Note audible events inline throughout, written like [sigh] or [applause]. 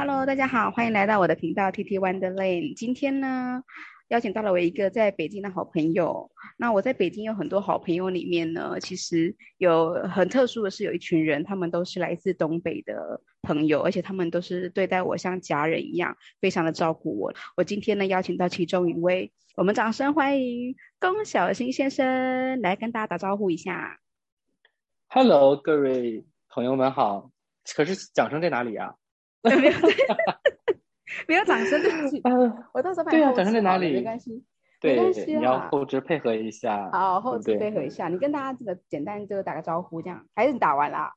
Hello，大家好，歡迎來到我的頻道 TT Wonderland。今天呢，邀請到了我一個在北京的好朋友。那我在北京有很多好朋友裡面呢，其實有很特殊的是有一群人，他們都是來自東北的朋友，而且他們都是對待我像家人一樣，非常的照顧我。我今天呢，邀請到其中一位，我們掌聲歡迎龔曉鑫先生來跟大家打招呼一下。Hello，各位朋友們好。可是掌聲在哪裡呀、啊？沒有，沒有掌聲，對不起。我到時候把對，掌聲在哪裡？沒關係，對，你要後製配合一下。好，後製配合一下。你跟大家這個簡單這個打個招呼，這樣還是你打完了？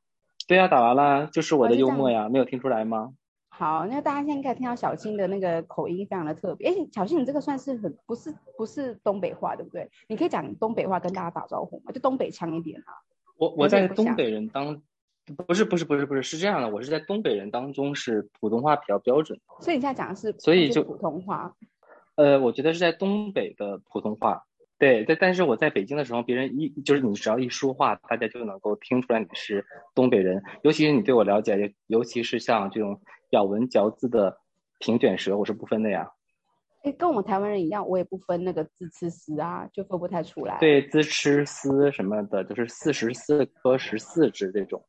對呀，打完了，就是我的幽默呀，沒有聽出來嗎？好，那大家現在可以聽到曉鑫的那個口音非常的特別。哎，曉鑫，你這個算是很不是不是東北話對不對？你可以講東北話跟大家打招呼嘛，就東北腔一點啊。我我在東北人當。不是不是不是不是，是這樣的，我是在東北人當中是普通話比較標準，所以你現在講的是，所以就普通話。呃，我覺得是在東北的普通話，對，但但是我在北京的時候，別人一就是你只要一說話，大家就能夠聽出來你是東北人，尤其是你對我了解，尤其是像這種咬文嚼字的平卷舌，我是不分的呀。哎、欸，跟我們台灣人一樣，我也不分那個滋吃絲啊，就分不太出來。對，滋吃絲什麼的，就是四十四顆十四隻這種。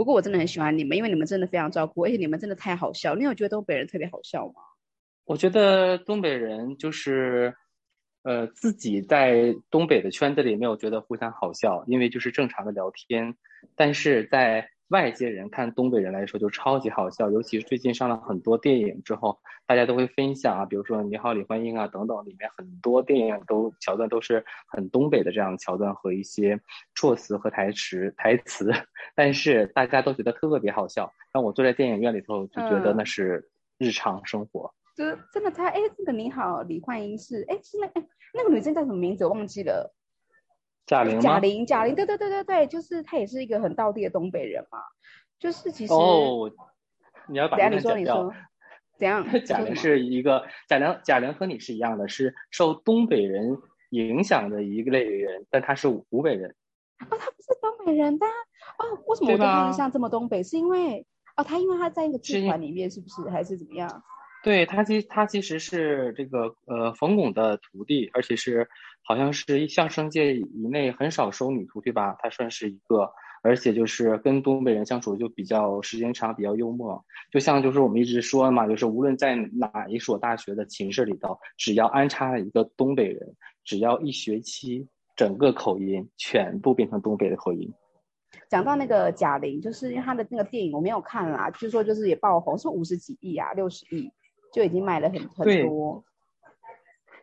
不過我真的很喜歡你們，因為你們真的非常照顧，而且你們真的太好笑。你有覺得東北人特別好笑嗎？我覺得東北人就是，呃，自己在東北的圈子裡沒有覺得互相好笑，因為就是正常的聊天，但是在。外界人看東北人來說就超級好笑，尤其是最近上了很多電影之後，大家都會分享啊，比如說《你好，李煥英》啊等等，裡面很多電影都橋段都是很東北的這樣橋段和一些措辭和台詞、台詞，但是大家都覺得特別好笑。但我坐在電影院裡頭就覺得那是日常生活。嗯、就真的，他哎，這個《你好，李煥英》是哎是那誒那個女生叫什麼名字我忘記了。賈玲，賈玲，賈玲，對對對對對，就是她也是一個很道地的東北人嘛，就是其實哦，你要等一下，你說你說怎樣？賈玲是一個賈玲，賈玲和你是一樣的，是受東北人影響的一類人，但她是湖北人。哦，她不是東北人的哦，為什麼我對她印象這麼東北？嗎是因為哦，她因為她在一個劇團裡面，是不是，是你還是怎麼樣？對，他其實，他其實是這個呃，馮鞏的徒弟，而且是好像是一相聲界以內很少收女徒弟吧？他算是一個，而且就是跟東北人相處就比較時間長，比較幽默。就像就是我們一直說嘛，就是無論在哪一所大學的寢室裡頭，只要安插了一個東北人，只要一學期，整個口音全部變成東北的口音。講到那個賈玲，就是因為她的那個電影我沒有看啦，啊，據說就是也爆紅，是五十幾億啊，六十億。就已經買了很很多，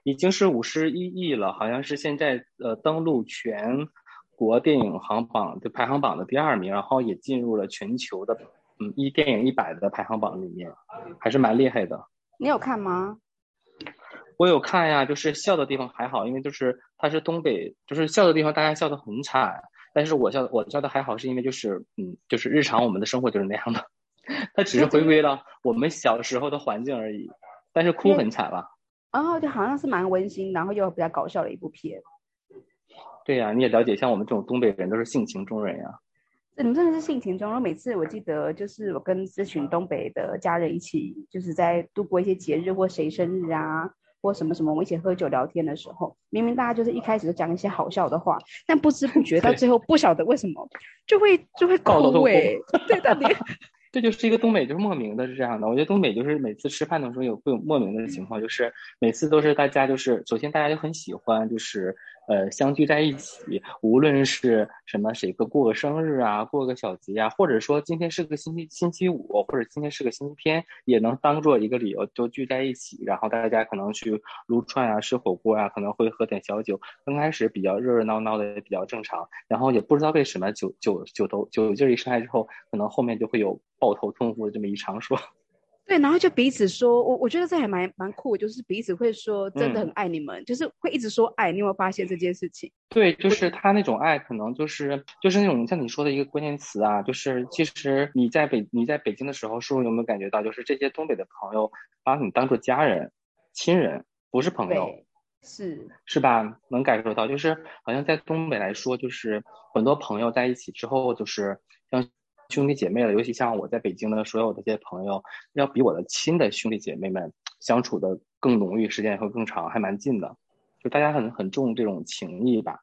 已經是五十一億了，好像是現在呃登陸全國電影行榜的排行榜的第二名，然後也進入了全球的嗯一電影一百的排行榜裡面，還是蠻厲害的。你有看嗎？我有看呀、啊，就是笑的地方還好，因為就是它是東北，就是笑的地方大家笑得很慘，但是我笑我笑的還好，是因為就是嗯就是日常我們的生活就是那樣的。他只是回歸了我們小時候的環境而已，但是哭很慘吧。哦，就好像是蠻溫馨，然後又比較搞笑的一部片。對呀、啊，你也了解，像我們這種東北人都是性情中人呀、啊。嗯、你們真的是性情中人，每次我記得就是我跟這群東北的家人一起，就是在度過一些節日或誰生日啊，或什麼什麼，我們一起喝酒聊天的時候，明明大家就是一開始就講一些好笑的話，但不知不覺到最後不曉得為什麼對 就會就會哭哎、欸，哭 [laughs] 對，到底。這就是一個東北，就是莫名的，是這樣的。我覺得東北就是每次吃飯的時候有會有莫名的情況，就是每次都是大家就是首先大家就很喜歡，就是呃相聚在一起，無論是什麼，誰個過個生日啊，過個小節啊，或者說今天是個星期星期五，或者今天是個星期天，也能當做一個理由都聚在一起。然後大家可能去擼串啊，吃火鍋啊，可能會喝點小酒。剛開始比較熱熱鬧鬧的也比較正常，然後也不知道為什麼酒酒酒頭酒勁一上來之後，可能後面就會有。抱頭痛哭的這麼一場，說，對，然後就彼此說，我我覺得這還蠻蠻酷，就是彼此會說真的很愛你們，嗯、就是會一直說愛。你有沒有發現這件事情？對，就是他那種愛，可能就是就是那種像你說的一個關鍵詞啊，就是其實你在北你在北京的時候說，說有沒有感覺到，就是這些東北的朋友把你當做家人、親人，不是朋友，是是吧？能感受到，就是好像在東北來說，就是很多朋友在一起之後，就是像。兄弟姐妹了，尤其像我在北京的所有這些朋友，要比我的親的兄弟姐妹們相處的更濃郁，時間也會更長，還蠻近的。就大家很很重這種情誼吧。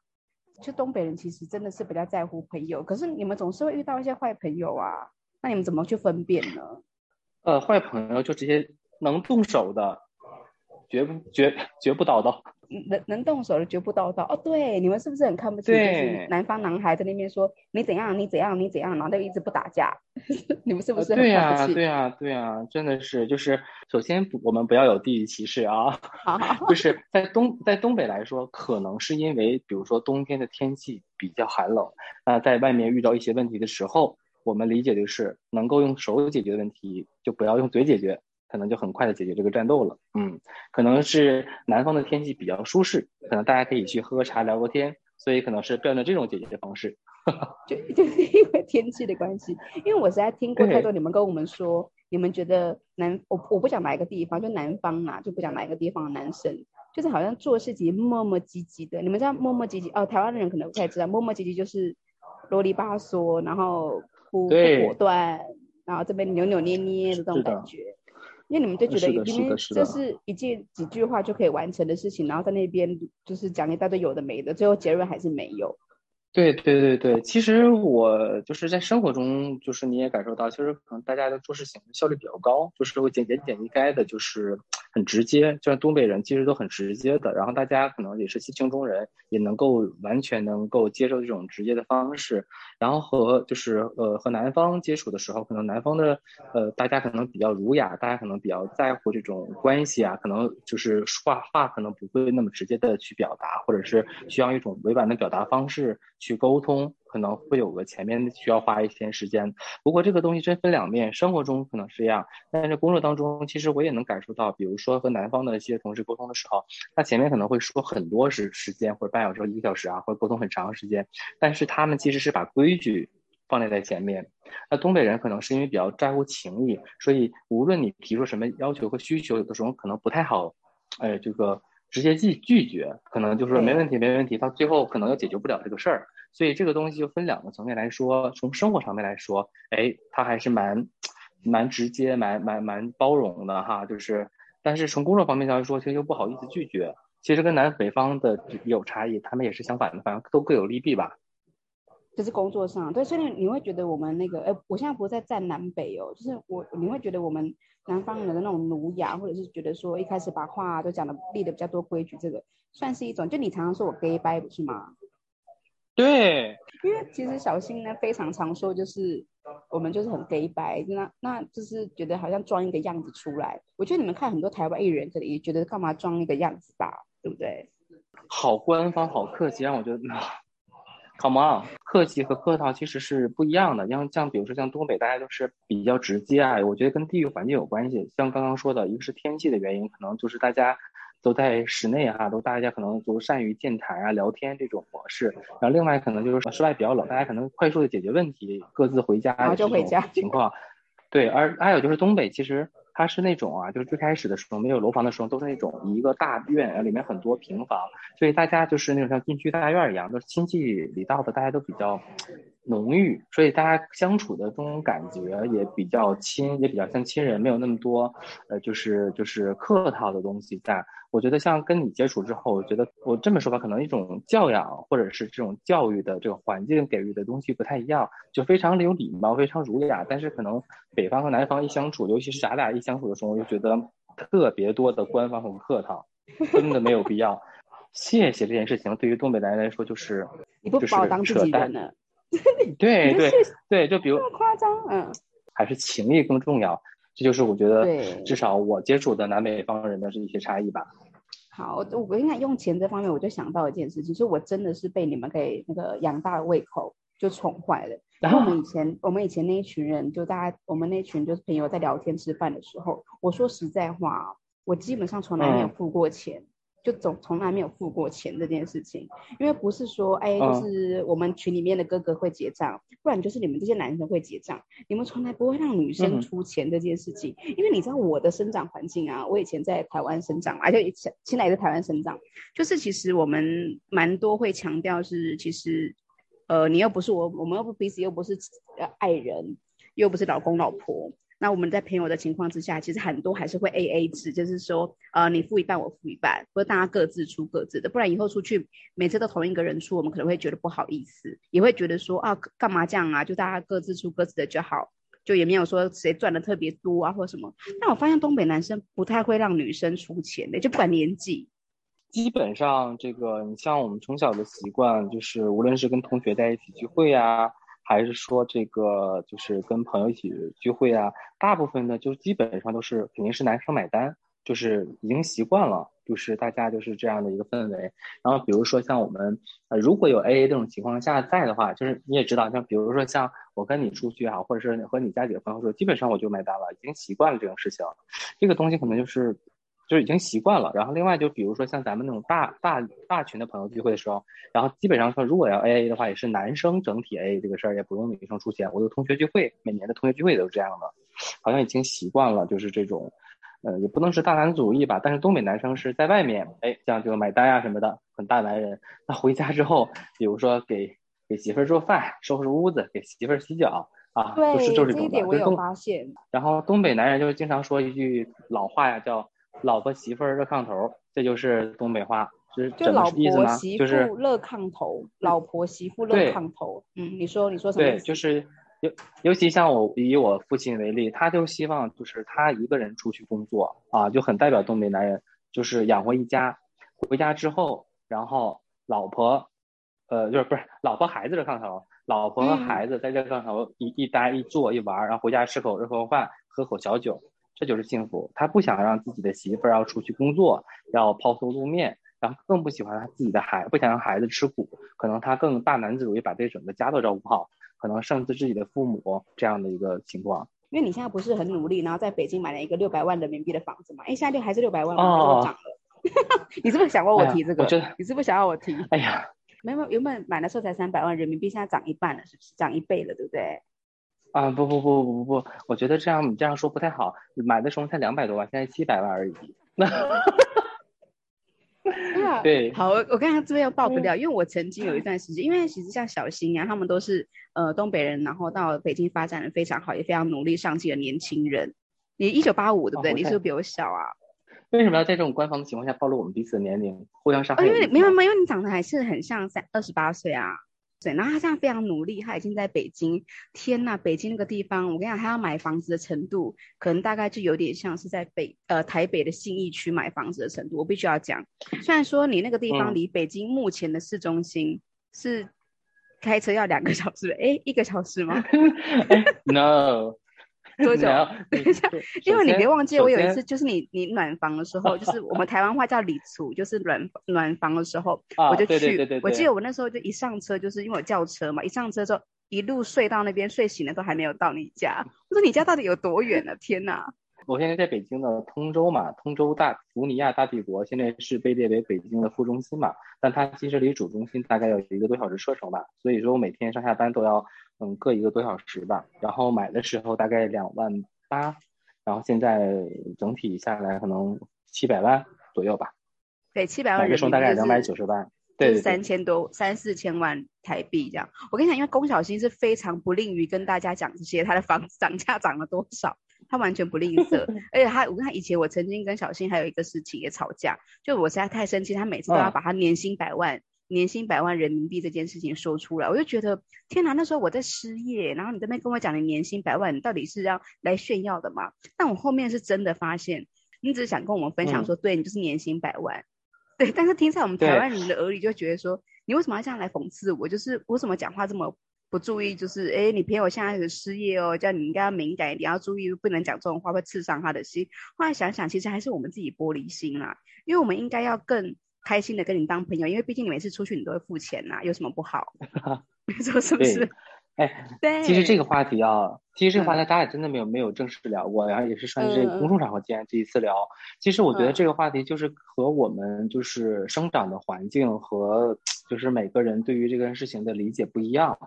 就東北人其實真的是比較在乎朋友，可是你們總是會遇到一些壞朋友啊，那你們怎麼去分辨呢？呃，壞朋友就直接能動手的。絕不絕絕不叨叨，能能動手的絕不叨叨。哦，對，你們是不是很看不起南方男孩在那邊說對你怎樣你怎樣你怎樣，然後就一直不打架？ [laughs] 你們是不是很看不清、哦、對呀、啊、對呀、啊、對呀、啊？真的是，就是首先我們不要有地域歧視啊。啊哈哈哈哈就是在東在東北來說，可能是因為比如說冬天的天氣比較寒冷，那在外面遇到一些問題的時候，我們理解的是能夠用手解決的問題，就不要用嘴解決。可能就很快的解決這個戰鬥了，嗯，可能是南方的天氣比較舒適，可能大家可以去喝茶、聊個天，所以可能是變成這種解決的方式。 [laughs] 就就是因為天氣的關係，因為我實在聽過太多你們跟我們說，對你們覺得南我我不想買一個地方，就南方嘛、啊，就不想買一個地方的男生，就是好像做事情磨磨唧唧的。你們知道磨磨唧唧哦，台灣的人可能不太知道，磨磨唧唧就是囉里吧嗦，然後不不果斷，然後這邊扭扭捏捏，捏的這種感覺。因為你們都覺得今天這是一件幾句話就可以完成的事情，然後在那邊就是講一大堆有的沒的，最後結論還是沒有。對對對對，其實我就是在生活中，就是你也感受到，其實可能大家的做事情效率比較高，就是會簡簡簡易賅的，就是很直接。就像東北人其實都很直接的，然後大家可能也是性情中人，也能夠完全能夠接受這種直接的方式。然後和就是呃和南方接觸的時候，可能南方的呃大家可能比較儒雅，大家可能比較在乎這種關係啊，可能就是說話話可能不會那麼直接的去表達，或者是需要一種委婉的表達方式。去溝通可能會有個前面需要花一些時間，不過這個東西真分兩面，生活中可能是這樣，但是在工作當中其實我也能感受到，比如說和南方的一些同事溝通的時候，那前面可能會說很多時時間或者半小時、一個小時啊，或者溝通很長時間，但是他們其實是把規矩放在在前面。那東北人可能是因為比較在乎情誼，所以無論你提出什麼要求和需求，有的時候可能不太好，呃，這個直接拒拒絕，可能就是沒問題沒問題，到最後可能又解決不了這個事兒。所以這個東西就分兩個層面來說，從生活層面來說，哎，他還是蠻蠻直接、蠻蠻蠻包容的哈。就是，但是從工作方面來說，其實又不好意思拒絕。其實跟南北方的有差異，他們也是相反的，反正都各有利弊吧。就是工作上，對，所以你會覺得我們那個，哎、呃，我現在不在站南北哦，就是我，你會覺得我們南方人的那種儒雅，或者是覺得說一開始把話都講的立的比較多規矩，這個算是一種。就你常常說我 gay vibe 不是嗎？對，因為其實曉鑫呢非常常說，就是我們就是很黑白，那那就是覺得好像裝一個樣子出來。我覺得你們看很多台灣藝人，這裡覺得幹嘛裝一個樣子吧，對不對？好官方，好客氣、啊，讓我覺得、嗯，好嗎？客氣和客套其實是不一樣的。像像比如說像東北，大家都是比較直接、啊。我覺得跟地域環境有關係。像剛剛說的，一個是天氣的原因，可能就是大家。都在室內哈、啊，都大家可能都善於健談，啊、聊天這種模式。然後另外可能就是室外比較冷，大家可能快速的解決問題，各自回家這種。然後就回家情況，對。而還有就是東北，其實它是那種啊，就是最開始的時候沒有樓房的時候，都是那種一個大院，裡面很多平房，所以大家就是那種像軍區大院一樣，都是親戚里道的，大家都比較。濃郁，所以大家相處的這種感覺也比較親，也比較像親人，沒有那麼多，呃，就是就是客套的東西。但我覺得像跟你接觸之後，我覺得我這麼說吧，可能一種教養或者是這種教育的這個環境給予的東西不太一樣，就非常的有禮貌，非常儒雅。但是可能北方和南方一相處，尤其是咱倆一相處的時候，我就覺得特別多的官方和客套，真的沒有必要。 [laughs] 謝謝這件事情，對於東北男人來說就是，你不好當自己人。 [laughs] 你對、就是、對對，就比如這麼誇張，嗯，還是情誼更重要。這就是我覺得，至少我接觸的南北方人的是一些差異吧。好，我我應該用錢這方面，我就想到一件事情，其實我真的是被你們給那個養大胃口，就寵壞了。然後我們以前，我們以前那一群人，就大家我們那群就是朋友在聊天吃飯的時候，我說實在話，我基本上從來沒有付過錢。嗯就總從來沒有付過錢這件事情，因為不是說哎，就是我們群裡面的哥哥會結賬，Oh. 不然就是你們這些男生會結賬，你們從來不會讓女生出錢這件事情。Mm-hmm. 因為你知道我的生長環境啊，我以前在台灣生長，而且以前，在來的台灣生長，就是其實我們蠻多會強調是，其實，呃，你又不是我，我們又不彼此，又不是愛人，又不是老公老婆。那我們在朋友的情況之下，其實很多還是會 AA 制，就是說，呃，你付一半，我付一半，或者大家各自出各自的，不然以後出去每次都同一個人出，我們可能會覺得不好意思，也會覺得說啊，幹嘛這樣啊？就大家各自出各自的就好，就也沒有說誰賺的特別多啊或者什麼。但我發現東北男生不太會讓女生出錢的，就不管年紀，基本上這個，你像我們從小的習慣，就是無論是跟同學在一起聚會呀、啊。還是說這個就是跟朋友一起聚會啊，大部分呢就基本上都是肯定是男生買單，就是已經習慣了，就是大家就是這樣的一個氛圍。然後比如說像我們，呃，如果有 AA 這種情況下在的話，就是你也知道，像比如說像我跟你出去啊，或者是和你家裡的朋友說，基本上我就買單了，已經習慣了這種事情。這個東西可能就是。就已經習慣了，然後另外就比如說像咱們那種大大大群的朋友聚會的時候，然後基本上說如果要 AA 的話，也是男生整體 AA 這個事兒，也不用女生出錢。我有同學聚會，每年的同學聚會都是這樣的，好像已經習慣了，就是這種，呃，也不能是大男子主義吧，但是東北男生是在外面，哎，這樣就買單呀、啊、什麼的，很大男人。那回家之後，比如說給給媳婦兒做飯、收拾屋子、給媳婦兒洗腳啊，對，就是，就是種的，這一點我有發現，就是東，然後東北男人就是經常說一句老話呀，叫。老婆媳婦熱炕頭，這就是東北話，是老婆媳婦熱炕頭，就是，老婆媳婦熱炕頭。嗯，你說你說什麼？對，就是尤尤其像我以我父親為例，他就希望就是他一個人出去工作啊，就很代表東北男人，就是養活一家。回家之後，然後老婆，呃，就是不是老婆孩子熱炕頭，老婆和孩子在這炕頭一，嗯，一待一坐一玩，然後回家吃口熱乎飯，喝口小酒。這就是幸福。他不想讓自己的媳婦兒要出去工作，要拋頭露面，然後更不喜歡他自己的孩，不想讓孩子吃苦。可能他更大男子主義，把這整個家都照顧好，可能甚至自己的父母這樣的一個情況。因為你現在不是很努力，然後在北京買了一個六百萬人民幣的房子嘛？哎，現在就還是六百萬？我哦，哈哈，你是不是想過我提這個？哎、我你是不是想要我提？哎呀，沒有，原本買的時候才三百萬人民幣，現在漲一半了，是不是漲一倍了？對不對？啊不不不不不不，我覺得這樣你這樣說不太好。買的時候才兩百多萬，現在七百萬而已。對 [laughs] [laughs] 對。好，我剛才這邊又爆不掉，嗯、因為我曾經有一段時間，因為其實像曉鑫啊，他們都是呃東北人，然後到北京發展得非常好，也非常努力上進的年輕人。你一九八五，對不對？啊、你是，不是比我小啊。為什麼要在這種官方的情況下暴露我們彼此的年齡，互相傷害嗎、啊？因為沒有沒有，因為你長得還是很像三二十八歲啊。然後他現在非常努力，他已經在北京。天吶，北京那個地方，我跟你講，他要買房子的程度，可能大概就有點像是在北呃台北的信義區買房子的程度。我必須要講，雖然說你那個地方離北京目前的市中心是開車要兩個小時，嗯、誒，一個小時嗎 [laughs] ？No。多久？No, 等一下，先因為你別忘記，我有一次就是你你暖房的時候，先就是我們台灣話叫禮廚， [laughs] 就是暖暖房的時候，啊、我就去。對對對對。我記得我那時候就一上車，就是因為我叫車嘛，一上車之後一路睡到那邊，睡醒了都還沒有到你家。我說，你家到底有多遠啊？ [laughs] 天吶！我現在在北京的通州嘛，通州大福尼亞大帝國現在是被列為北京的副中心嘛，但它其實離主中心大概有一個多小時車程吧，所以說我每天上下班都要，嗯，各一個多小時吧。然後買的時候大概兩萬八，然後現在整體下來可能七百萬左右吧。對，七百萬人民幣大概兩百九十萬，多，對，三千多三四千萬台幣這樣。我跟你講，因為龔曉鑫是非常不吝於跟大家講這些，他的房子漲價漲了多少。他完全不吝嗇， [laughs] 而且他我跟他以前，我曾經跟曉鑫還有一個事情也吵架，就我實在太生氣，他每次都要把他年薪百萬、哦、年薪百萬人民幣這件事情說出來，我就覺得天哪，那時候我在失業，然後你這邊跟我講你年薪百萬，你到底是要來炫耀的嗎？但我後面是真的發現，你只是想跟我們分享說，嗯、對你就是年薪百萬，對，但是聽在我們台灣人的耳裡，就覺得說對你為什麼要這樣來諷刺我，就是我怎麼講話這麼？不注意就是哎，你朋友現在是失業哦，叫你應該要敏感一點，你要注意不能講這種話，會刺傷他的心。後來想想，其實還是我們自己玻璃心啦、啊，因為我們應該要更開心的跟你當朋友，因為畢竟每次出去你都會付錢吶、啊，有什麼不好？你說 [laughs] 是不是？哎，對。對，其實這個話題啊，其實這個話題大家真的沒有、嗯、沒有正式聊過，然後也是算是公眾場合見這一次聊。嗯、其實我覺得這個話題就是和我們就是生長的環境和就是每個人對於這個事情的理解不一樣。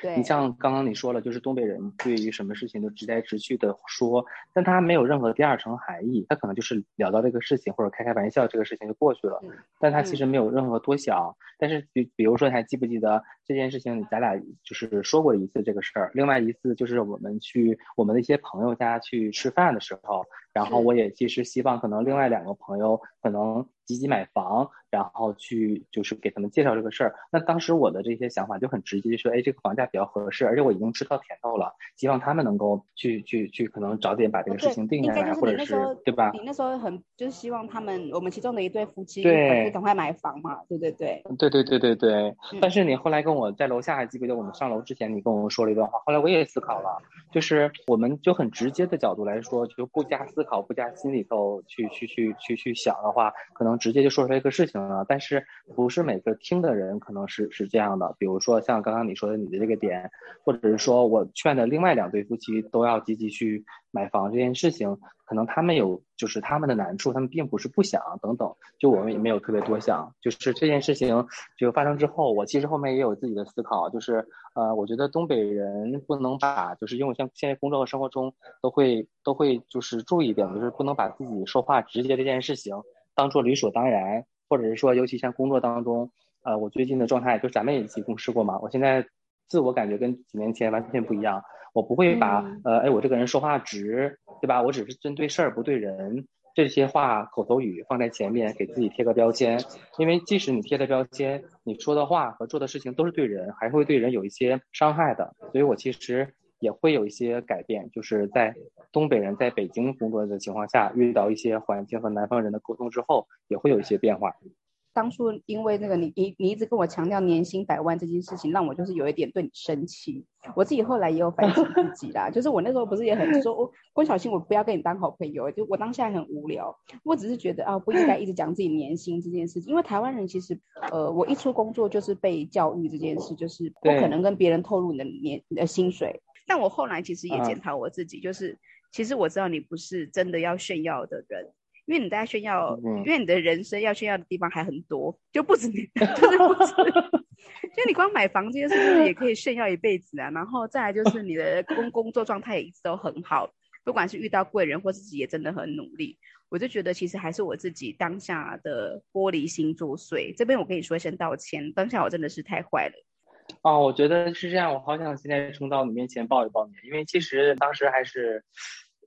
對你像剛剛你說了，就是東北人對於什麼事情都直來直去的說，但他沒有任何第二層含義，他可能就是聊到這個事情或者開開玩笑，這個事情就過去了，但他其實沒有任何多想。但是比比如說，你還記不記得？這件事情咱倆就是說過一次這個事兒，另外一次就是我們去我們的一些朋友家去吃飯的時候，然後我也其實希望可能另外兩個朋友可能積極買房，然後去就是給他們介紹這個事兒。那當時我的這些想法就很直接就說，說哎這個房價比較合適，而且我已經吃到甜頭了，希望他們能夠去去去可能早點把這個事情定下來，對或者是，是對吧？你那時候很就是希望他們我們其中的一對夫妻對趕快買房嘛，對對對，對對對對對。嗯，但是你後來跟我。我在樓下還記不記得我們上樓之前你跟我說了一段話？後來我也思考了，就是我們就很直接的角度來說，就不加思考、不加心裡頭去去去去去想的話，可能直接就說出來一個事情了。但是不是每個聽的人可能是是這樣的？比如說像剛剛你說的你的這個點，或者是說我勸的另外兩對夫妻都要積極去買房這件事情，可能他們有就是他們的難處，他們並不是不想等等，就我們也沒有特別多想，就是這件事情就發生之後，我其實後面也有自己的思考，就是呃，我覺得東北人不能把就是因為像現在工作和生活中都會都會就是注意點，就是不能把自己說話直接這件事情當做理所當然，或者是說尤其像工作當中，呃，我最近的狀態就咱們也一起共事過嘛，我現在自我感覺跟幾年前完全不一樣。我不會把呃，哎，我這個人說話直，對吧？我只是針對事兒不對人這些話口頭語放在前面給自己貼個標籤，因為即使你貼的標籤，你說的話和做的事情都是對人，還會對人有一些傷害的。所以我其實也會有一些改變，就是在東北人在北京工作的情況下，遇到一些環境和南方人的溝通之後，也會有一些變化。當初因為那個你你你一直跟我強調年薪百萬這件事情，讓我就是有一點對你生氣。我自己後來也有反省自己啦， [laughs] 就是我那時候不是也很說，我、哦、關曉鑫，我不要跟你當好朋友。就我當下很無聊，我只是覺得啊、哦，不應該一直講自己年薪這件事情。因為台灣人其實，呃，我一出工作就是被教育這件事，就是不可能跟別人透露你的年的薪水。對但我後來其實也檢討我自己，嗯、就是其實我知道你不是真的要炫耀的人。因為你大家炫耀，嗯、因為你的人生要炫耀的地方還很多，就不止你，就是不止， [laughs] 就你光買房子是不是也可以炫耀一輩子啊？然後再來就是你的工工作狀態也一直都很好，不管是遇到貴人或自己也真的很努力，我就覺得其實還是我自己當下的玻璃心作祟。這邊我跟你說一聲道歉，當下我真的是太壞了。哦，我覺得是這樣，我好想現在衝到你面前抱一抱你，因為其實當時還是。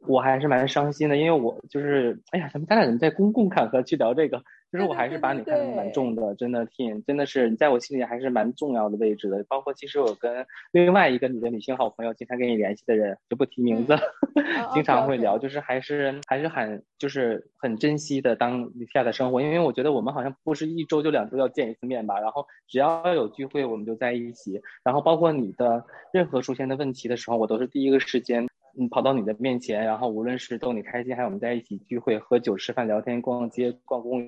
我還是蠻傷心的，因為我就是，哎呀，咱們咱倆怎麼在公共場合去聊這個？就是我還是把你看得蠻重的，真的挺真的是，你在我心裡還是蠻重要的位置的。包括其實我跟另外一個你的女性好朋友，經常跟你聯繫的人就不提名字，嗯、 [laughs] 經常會聊，okay, okay. 就是還是還是很就是很珍惜的當下的生活，因為我覺得我們好像不是一周就兩周要見一次面吧，然後只要有聚會我們就在一起，然後包括你的任何出現的問題的時候，我都是第一個時間。嗯，跑到你的面前，然後無論是逗你開心，還有我們在一起聚會、喝酒、吃飯、聊天、逛街、逛公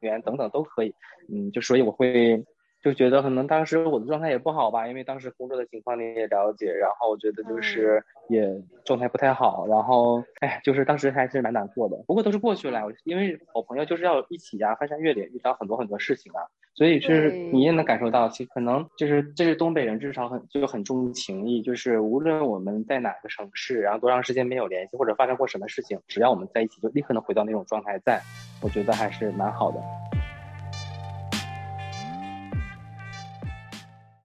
園等等都可以。嗯，就所以我會就覺得可能當時我的狀態也不好吧，因為當時工作的情況你也了解，然後我覺得就是也狀態不太好，然後哎，就是當時還是蠻難過的。不過都是過去了，因為好朋友就是要一起呀，啊，翻山越嶺，遇到很多很多事情啊。所以就是，你也能感受到，對其實可能就是，這、就是東北人至少很就很重情義，就是無論我們在哪個城市，然後多長時間沒有聯繫，或者發生過什麼事情，只要我們在一起，就立刻能回到那種狀態，在，我覺得還是蠻好的。